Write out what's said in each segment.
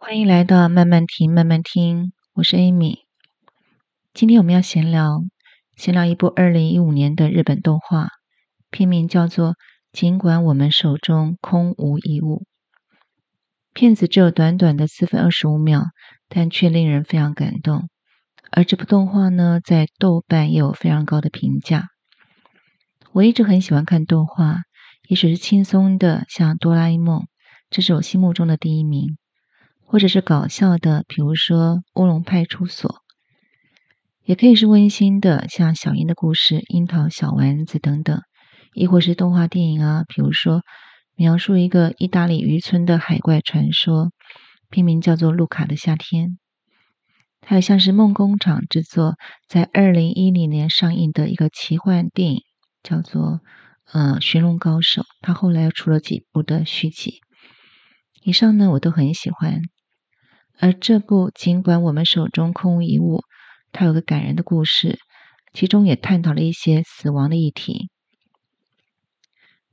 歡迎來到慢慢聽，慢慢聽，我是 Amy。今天我們要閒聊，閒聊一部二零一五年的日本動畫，片名叫做《儘管我們手中空無一物》。片子只有短短的四分二十五秒，但卻令人非常感動。而這部動畫呢，在豆瓣也有非常高的評價。我一直很喜歡看動畫，也許是輕鬆的，像《哆啦 A 夢》，這是我心目中的第一名。或者是搞笑的，比如說《烏龍派出所》，也可以是溫馨的，像《小櫻的故事》《櫻桃小丸子》等等；亦或是動畫電影啊，比如說描述一個意大利漁村的海怪傳說，片名叫做《路卡的夏天》。還有像是夢工廠製作在二零一零年上映的一個奇幻電影，叫做《呃馴龍高手》，它後來又出了幾部的續集。以上呢，我都很喜歡。而這部儘管我們手中空無一物，它有個感人的故事，其中也探討了一些死亡的議題。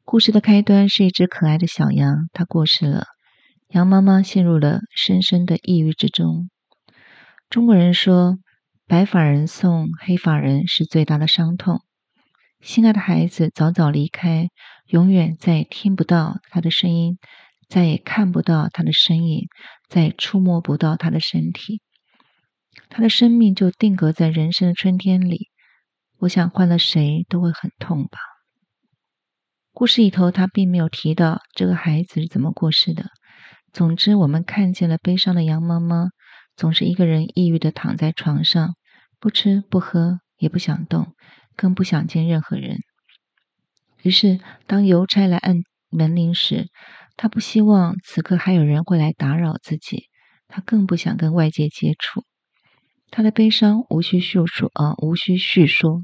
故事的開端是一隻可愛的小羊，它過世了，羊媽媽陷入了深深的抑鬱之中。中國人說，白髮人送黑髮人是最大的傷痛，心愛的孩子早早離開，永遠再也聽不到他的聲音。再也看不到他的身影，再也觸摸不到他的身體，他的生命就定格在人生的春天裡。我想換了誰都會很痛吧。故事裡頭他並沒有提到這個孩子是怎麼過世的。總之，我們看見了悲傷的楊媽媽，總是一個人抑鬱的躺在床上，不吃不喝，也不想動，更不想見任何人。於是，當郵差來按門鈴時，他不希望此刻還有人會來打擾自己，他更不想跟外界接觸。他的悲傷無需敘述啊，無需敘說。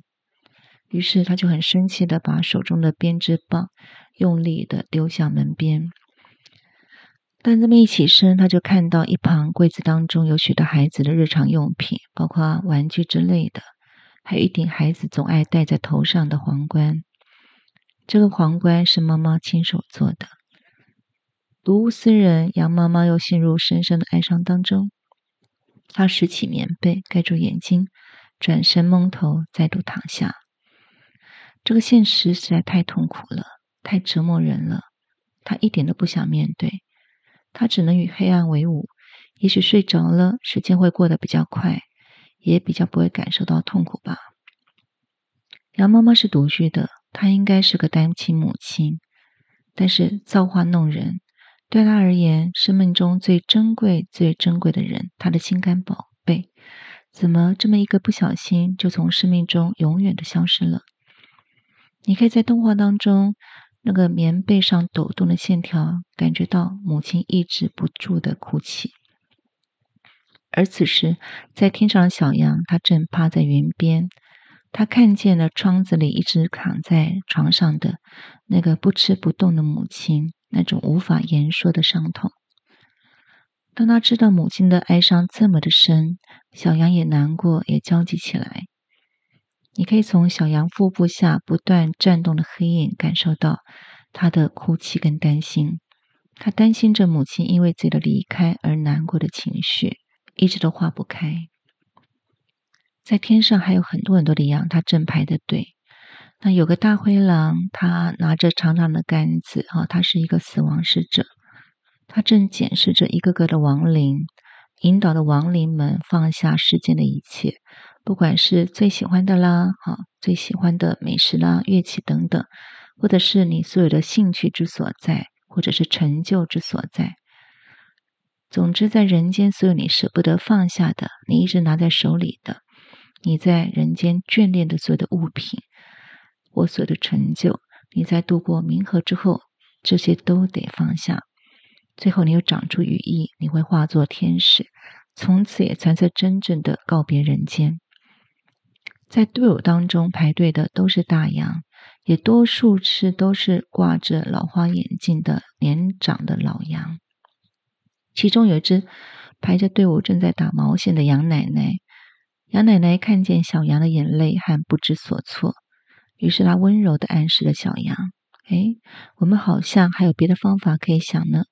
於是他就很生氣的把手中的編織棒用力的丟向門邊。但這麼一起身，他就看到一旁櫃子當中有許多孩子的日常用品，包括玩具之類的，還有一頂孩子總愛戴在頭上的皇冠。這個皇冠是媽媽親手做的。睹物思人，楊媽媽又陷入深深的哀傷當中。她拾起棉被蓋住眼睛，轉身蒙頭，再度躺下。這個現實實在太痛苦了，太折磨人了。她一點都不想面對，她只能與黑暗為伍。也許睡着了，時間會過得比較快，也比較不會感受到痛苦吧。楊媽媽是獨居的，她應該是個單親母親，但是造化弄人。對他而言，生命中最珍貴、最珍貴的人，他的心肝寶貝，怎麼這麼一個不小心，就從生命中永遠的消失了？你可以在動畫當中，那個棉被上抖動的線條，感覺到母親抑制不住的哭泣。而此時，在天上的小羊，它正趴在雲邊，它看見了窗子裡一直躺在床上的那個不吃不動的母親。那種無法言說的傷痛。當他知道母親的哀傷這麼的深，小羊也難過，也焦急起來。你可以從小羊腹部下不斷顫動的黑影感受到他的哭泣跟擔心。他擔心着母親因為自己的離開而難過的情緒，一直都化不開。在天上還有很多很多的羊，他正排着隊。那有個大灰狼，他拿着長長的桿子，啊，他是一個死亡使者，他正檢視着一個個的亡靈，引導的亡靈們放下世間的一切，不管是最喜歡的啦，哈，最喜歡的美食啦、樂器等等，或者是你所有的興趣之所在，或者是成就之所在。總之，在人間所有你捨不得放下的，你一直拿在手裡的，你在人間眷戀的所有的物品。我所的成就，你在渡過冥河之後，這些都得放下。最後，你又長出羽翼，你會化作天使，從此也才算真正的告別人間。在隊伍當中排隊的都是大羊，也多數次都是掛着老花眼鏡的年長的老羊。其中有一只排着隊伍正在打毛線的羊奶奶，羊奶奶看見小羊的眼淚，還不知所措。於是他溫柔的暗示了小羊：“哎，我們好像還有別的方法可以想呢。”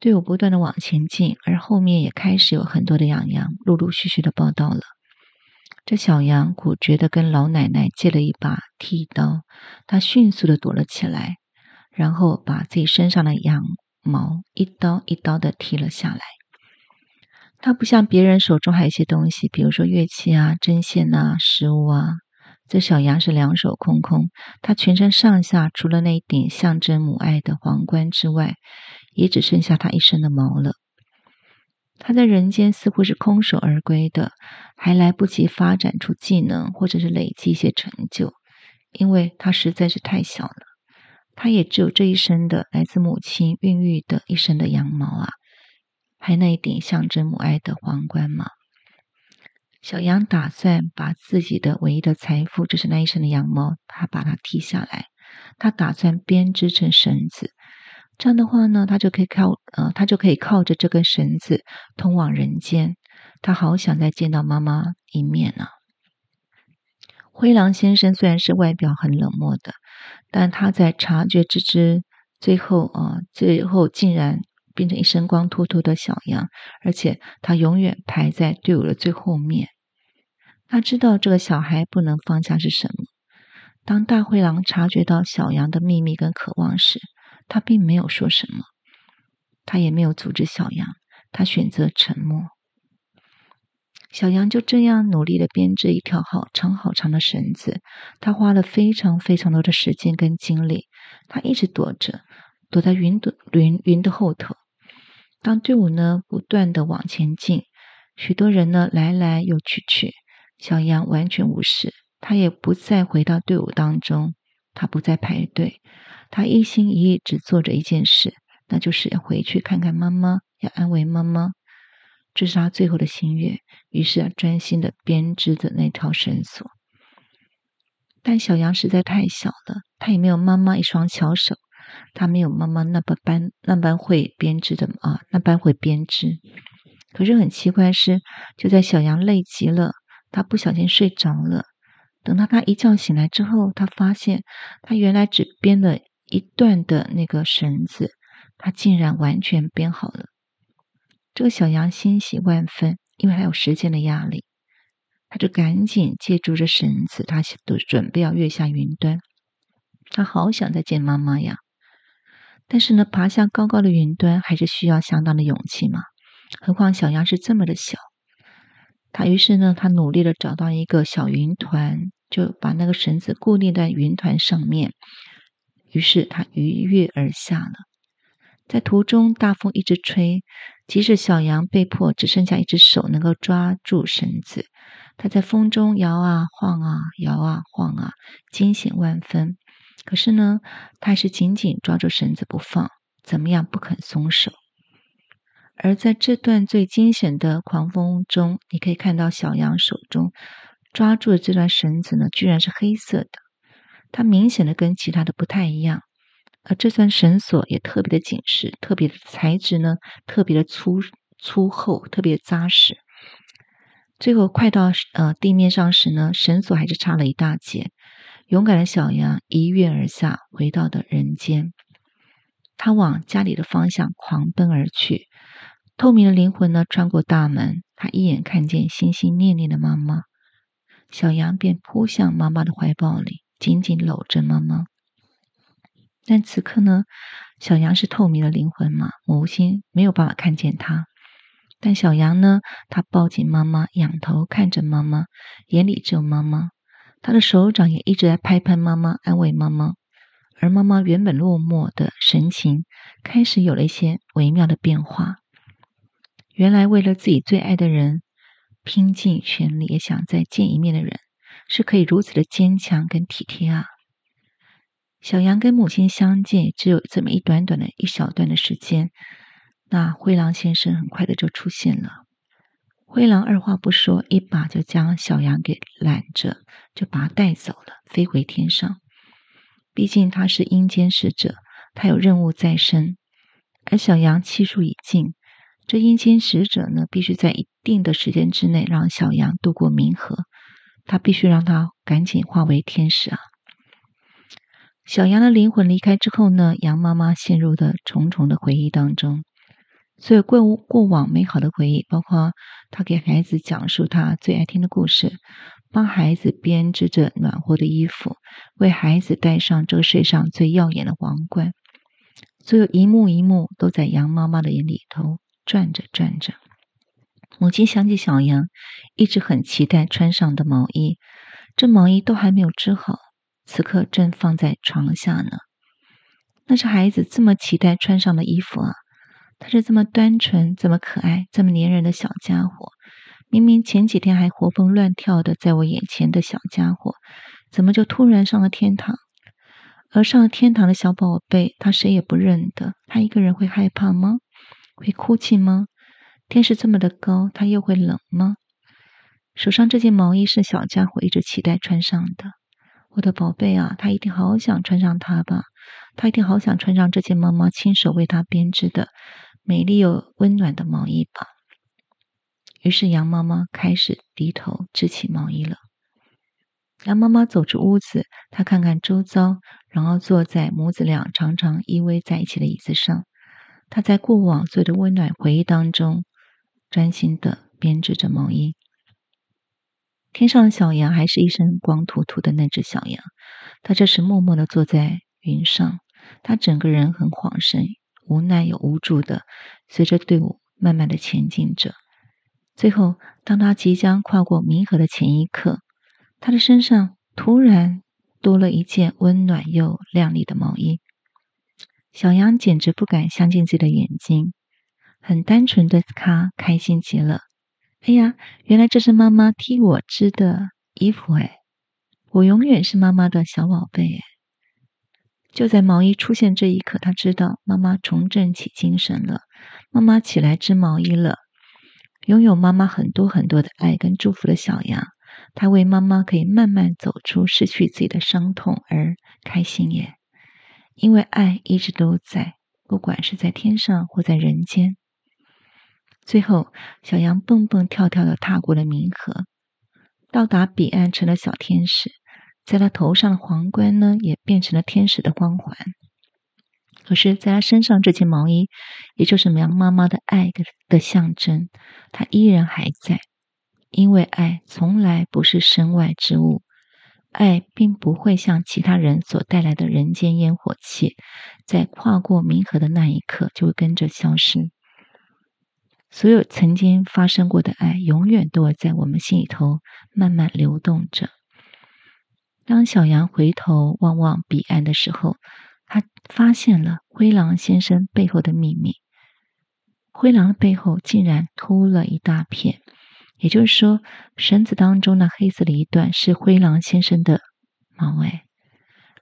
隊伍不斷的往前進，而後面也開始有很多的羊羊，陸陸續續的報到了。這小羊果決的跟老奶奶借了一把剃刀，他迅速的躲了起來，然後把自己身上的羊毛一刀一刀的剃了下來。他不像別人手中還有一些東西，比如說樂器啊、針線吶、啊、食物啊。這小羊是兩手空空，它全身上下除了那一頂象徵母愛的皇冠之外，也只剩下它一身的毛了。它在人間似乎是空手而歸的，還來不及發展出技能或者是累積一些成就，因為它實在是太小了。它也只有這一身的來自母親孕育的一身的羊毛啊，還那一頂象徵母愛的皇冠嗎？小羊打算把自己的唯一的財富，就是那一身的羊毛，他把它剃下來。他打算編織成繩子，這樣的話呢，他就可以靠，呃，他就可以靠着這根繩子通往人間。他好想再見到媽媽一面呢、啊。灰狼先生雖然是外表很冷漠的，但他在察覺之之最後啊、呃，最後竟然。變成一身光禿禿的小羊，而且他永遠排在隊伍的最後面。他知道這個小孩不能放下是什麼。當大灰狼察覺到小羊的秘密跟渴望時，他並沒有說什麼，他也沒有阻止小羊，他選擇沉默。小羊就這樣努力的編織一條好長好長的繩子，他花了非常非常多的時間跟精力，他一直躲着，躲在雲朵雲雲的後頭。當隊伍呢不斷的往前進，許多人呢來來又去去，小羊完全無視，他也不再回到隊伍當中，他不再排隊，他一心一意只做着一件事，那就是要回去看看媽媽，要安慰媽媽，這是他最後的心願。於是啊，專心的編織着那條繩索。但小羊實在太小了，他也沒有媽媽一雙巧手。他沒有媽媽那般那般會編織的啊，那般會編織。可是很奇怪的是，就在小羊累極了，他不小心睡着了。等到他一覺醒來之後，他發現他原來只編了一段的那個繩子，他竟然完全編好了。這個小羊欣喜萬分，因為還有時間的壓力，他就趕緊借助着繩子，他都準備要躍下雲端。他好想再見媽媽呀！但是呢，爬向高高的雲端還是需要相當的勇氣嘛，何況小羊是這麼的小。他於是呢，他努力的找到一個小雲團，就把那個繩子固定在雲團上面。於是他一躍而下了。了在途中，大風一直吹，即使小羊被迫只剩下一隻手能夠抓住繩子，他在風中搖啊晃啊搖啊晃啊，驚險萬分。可是呢，他還是緊緊抓住繩子不放，怎麼樣不肯鬆手。而在這段最驚險的狂風中，你可以看到小羊手中抓住的這段繩子呢，居然是黑色的，它明顯的跟其他的不太一樣。而這段繩索也特別的緊實，特別的材質呢，特別的粗粗厚，特別紮實。最後快到呃地面上時呢，繩索還是差了一大截。勇敢的小羊一躍而下，回到了人間。他往家裡的方向狂奔而去。透明的靈魂呢，穿過大門，他一眼看見心心念念的媽媽。小羊便撲向媽媽的懷抱裡，緊緊摟着媽媽。但此刻呢，小羊是透明的靈魂嘛，母親沒有辦法看見他。但小羊呢，他抱緊媽媽，仰頭看着媽媽，眼裡只有媽媽。他的手掌也一直在拍拍媽媽，安慰媽媽，而媽媽原本落寞的神情開始有了一些微妙的變化。原來為了自己最愛的人，拼盡全力也想再見一面的人，是可以如此的堅強跟體貼啊！小羊跟母親相見只有這麼一短短的一小段的時間，那灰狼先生很快的就出現了。灰狼二話不說，一把就將小羊給攬着，就把它帶走了，飛回天上。畢竟他是陰間使者，他有任務在身。而小羊氣數已盡，這陰間使者呢，必須在一定的時間之內讓小羊渡過冥河，他必須讓他趕緊化為天使啊！小羊的靈魂離開之後呢，羊媽媽陷入了重重的回憶當中。所有過過往美好的回憶，包括他給孩子講述他最愛聽的故事，幫孩子編織着暖和的衣服，為孩子戴上這個世界上最耀眼的王冠。所有一幕一幕都在羊媽媽的眼裡頭轉着轉着。母親想起小羊一直很期待穿上的毛衣，這毛衣都還沒有織好，此刻正放在床下呢。那是孩子這麼期待穿上的衣服啊！他是這麼單純、這麼可愛、這麼粘人的小家伙，明明前幾天還活蹦亂跳的在我眼前的小家伙，怎麼就突然上了天堂？而上了天堂的小寶貝，他誰也不認得，他一個人會害怕嗎？會哭泣嗎？天是這麼的高，他又會冷嗎？手上這件毛衣是小家伙一直期待穿上的，我的寶貝啊，他一定好想穿上它吧？他一定好想穿上這件媽媽親手為他編織的。美麗又溫暖的毛衣吧。於是，羊媽媽開始低頭織起毛衣了。羊媽媽走出屋子，她看看周遭，然後坐在母子倆常常依偎在一起的椅子上。她在過往做的溫暖回憶當中，專心的編織着毛衣。天上的小羊還是一身光禿禿的那隻小羊，它這時默默的坐在雲上，它整個人很恍神。無奈又無助的，隨着隊伍慢慢的前進着。最後，當他即將跨過冥河的前一刻，他的身上突然多了一件溫暖又亮麗的毛衣。小羊簡直不敢相信自己的眼睛，很單純的斯卡開心極了。哎呀，原來這是媽媽替我織的衣服哎，我永遠是媽媽的小寶貝哎。就在毛衣出現這一刻，他知道媽媽重振起精神了，媽媽起來織毛衣了。擁有媽媽很多很多的愛跟祝福的小羊，他為媽媽可以慢慢走出失去自己的傷痛而開心耶！因為愛一直都在，不管是在天上或在人間。最後，小羊蹦蹦跳跳地踏過了冥河，到達彼岸，成了小天使。在他頭上的皇冠呢，也變成了天使的光環。可是，在他身上這件毛衣，也就是苗媽媽的愛的的象徵，它依然還在。因為愛從來不是身外之物，愛並不會像其他人所帶來的人間煙火氣，在跨過冥河的那一刻就會跟着消失。所有曾經發生過的愛，永遠都會在我們心裡頭慢慢流動着。當小羊回頭望望彼岸的時候，他發現了灰狼先生背後的秘密。灰狼的背後竟然禿了一大片，也就是說，繩子當中那黑色的一段是灰狼先生的毛哎，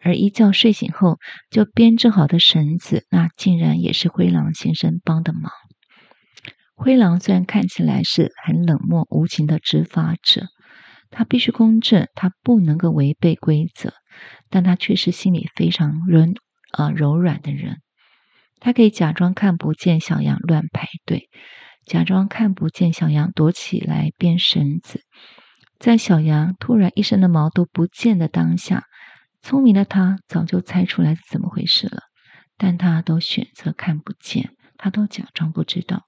而一覺睡醒後就編織好的繩子，那竟然也是灰狼先生幫的忙。灰狼雖然看起來是很冷漠無情的執法者。他必須公正，他不能夠違背規則，但他卻是心裡非常柔呃柔軟的人。他可以假裝看不見小羊亂排隊，假裝看不見小羊躲起來編繩子。在小羊突然一身的毛都不見的當下，聰明的他早就猜出來是怎麼回事了，但他都選擇看不見，他都假裝不知道。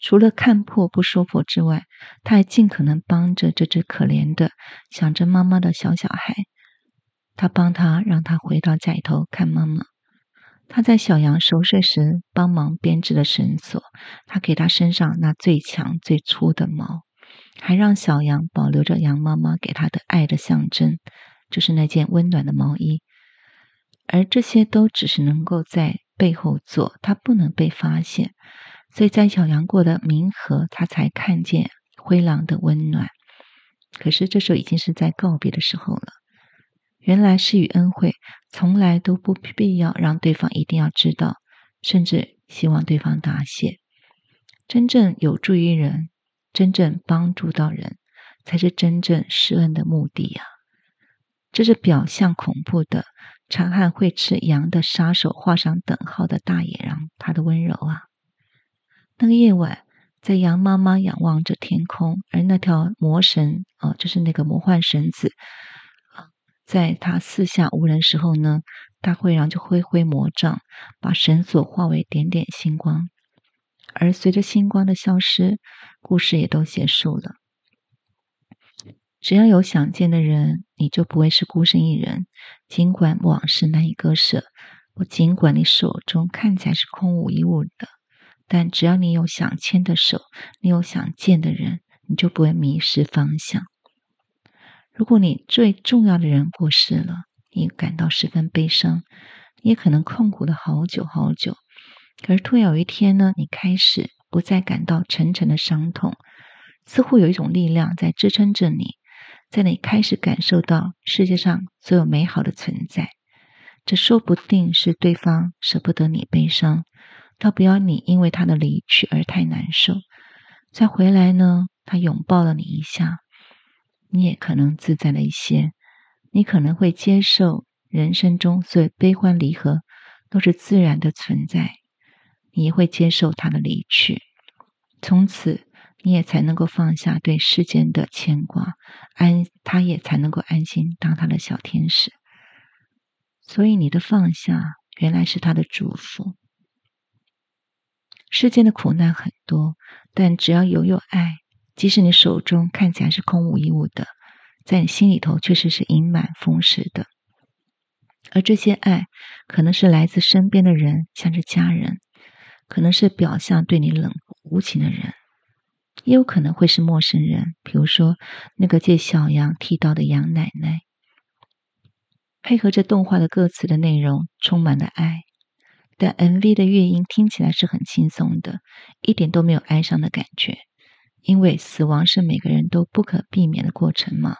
除了看破不說破之外，他還盡可能幫着這隻可憐的、想着媽媽的小小孩。他幫他，讓他回到家裡頭看媽媽。他在小羊熟睡時幫忙編織了繩索，他給他身上那最強、最粗的毛，還讓小羊保留着羊媽媽給他的愛的象徵，就是那件溫暖的毛衣。而這些都只是能夠在背後做，他不能被發現。所以，在小羊過的冥河，他才看見灰狼的溫暖。可是，這時候已經是在告別的時候了。原來，施與恩惠從來都不必要讓對方一定要知道，甚至希望對方答謝。真正有助於人，真正幫助到人，才是真正施恩的目的呀，啊。這是表象恐怖的、常漢會吃羊的殺手畫上等號的大野狼，他的溫柔啊。那個夜晚，在羊媽媽仰望着天空，而那條魔繩啊、呃，就是那個魔幻繩子在他四下無人時候呢，大灰狼就揮揮魔杖，把繩索化為點點星光。而隨着星光的消失，故事也都結束了。只要有想見的人，你就不會是孤身一人。儘管往事難以割捨，我儘管你手中看起來是空無一物的。但只要你有想牽的手，你有想見的人，你就不會迷失方向。如果你最重要的人過世了，你感到十分悲傷，你也可能痛苦了好久好久。可是突然有一天呢，你開始不再感到沉沉的傷痛，似乎有一種力量在支撐着你，在你開始感受到世界上所有美好的存在。這說不定是對方捨不得你悲傷。他不要你因為他的離去而太難受，再回來呢，他擁抱了你一下，你也可能自在了一些，你可能會接受人生中最悲歡離合都是自然的存在，你會接受他的離去，從此你也才能夠放下對世間的牽掛，安他也才能夠安心當他的小天使，所以你的放下原來是他的祝福。世間的苦難很多，但只要有有愛，即使你手中看起來是空無一物的，在你心裡頭確實是盈滿豐實的。而這些愛，可能是來自身邊的人，像是家人，可能是表象對你冷酷無情的人，也有可能會是陌生人。比如說，那個借小羊剃刀的羊奶奶，配合着動畫的歌詞的內容，充滿了愛。但 MV 的樂音聽起來是很輕鬆的，一點都沒有哀傷的感覺，因為死亡是每個人都不可避免的過程嘛。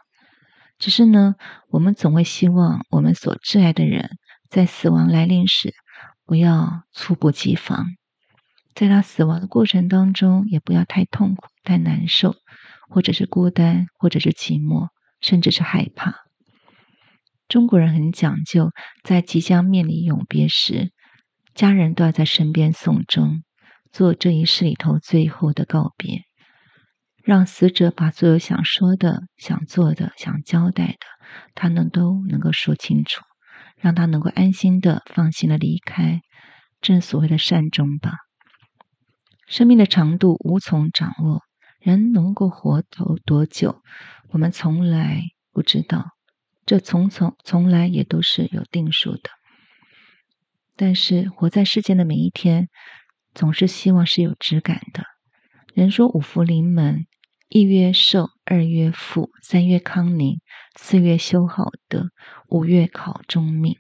只是呢，我們總會希望我們所摯愛的人在死亡來臨時不要猝不及防，在他死亡的過程當中也不要太痛苦、太難受，或者是孤單，或者是寂寞，甚至是害怕。中國人很講究，在即將面臨永別時。家人都要在身邊送終，做這一世裡頭最後的告別，讓死者把所有想說的、想做的、想交代的，他們都能夠說清楚，讓他能夠安心的、放心的離開。正所謂的善終吧。生命的長度無從掌握，人能夠活到多久，我們從來不知道。這從從從來也都是有定數的。但是活在世間的每一天，總是希望是有質感的。人說五福臨門，一曰壽，二曰富，三曰康寧，四曰修好德，五曰考終命。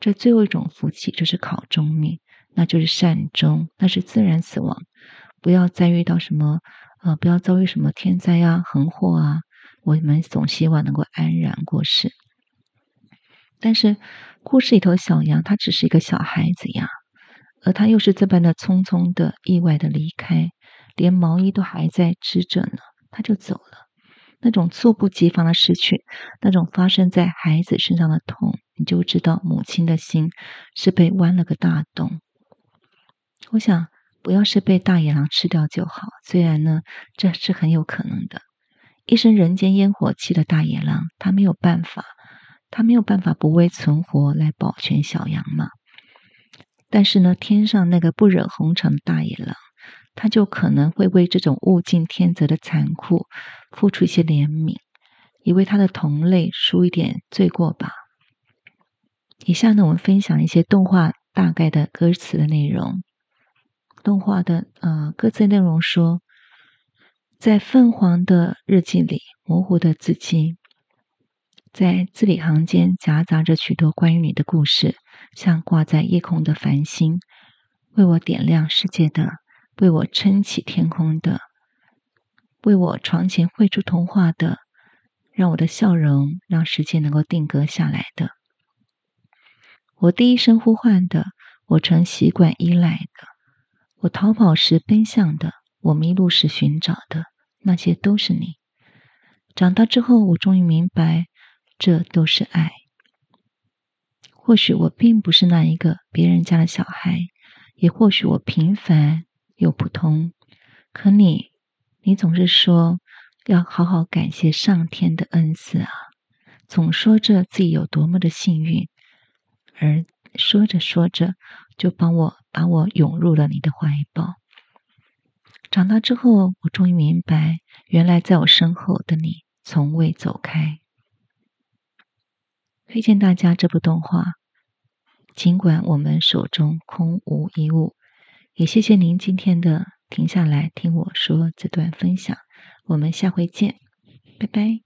這最後一種福氣就是考終命，那就是善終，那是自然死亡。不要再遇到什麼，呃，不要遭遇什麼天災啊、橫禍啊。我們總希望能夠安然過世。但是，故事裡頭小羊，它只是一個小孩子呀，而它又是這般的匆匆的、意外的離開，連毛衣都還在織着呢，它就走了。那種猝不及防的失去，那種發生在孩子身上的痛，你就知道母親的心是被剜了個大洞。我想，不要是被大野狼吃掉就好，雖然呢，這是很有可能的。一身人間煙火氣的大野狼，他沒有辦法。他沒有辦法不為存活來保全小羊嘛？但是呢，天上那個不惹紅塵大野狼，他就可能會為這種物競天擇的殘酷付出一些憐憫，也為他的同類贖一點罪過吧。以下呢，我們分享一些動畫大概的歌詞的內容。動畫的呃歌詞內容說，在鳳凰的日記裡，模糊的字跡在字裡行間夾雜着許多關於你的故事，像掛在夜空的繁星，為我點亮世界的，為我撐起天空的，為我床前繪出童話的，讓我的笑容，讓時間能夠定格下來的，我第一聲呼喚的，我曾習慣依賴的，我逃跑時奔向的，我迷路時尋找的，那些都是你。長大之後，我終於明白。這都是愛。或許我並不是那一個別人家的小孩，也或許我平凡又普通，可你，你總是說要好好感謝上天的恩賜啊，總說着自己有多麼的幸運，而說着說着，就幫我把我擁入了你的懷抱。長大之後，我終於明白，原來在我身後的你從未走開。推薦大家這部動畫，儘管我們手中空無一物，也謝謝您今天的停下來聽我說這段分享，我們下回見，拜拜。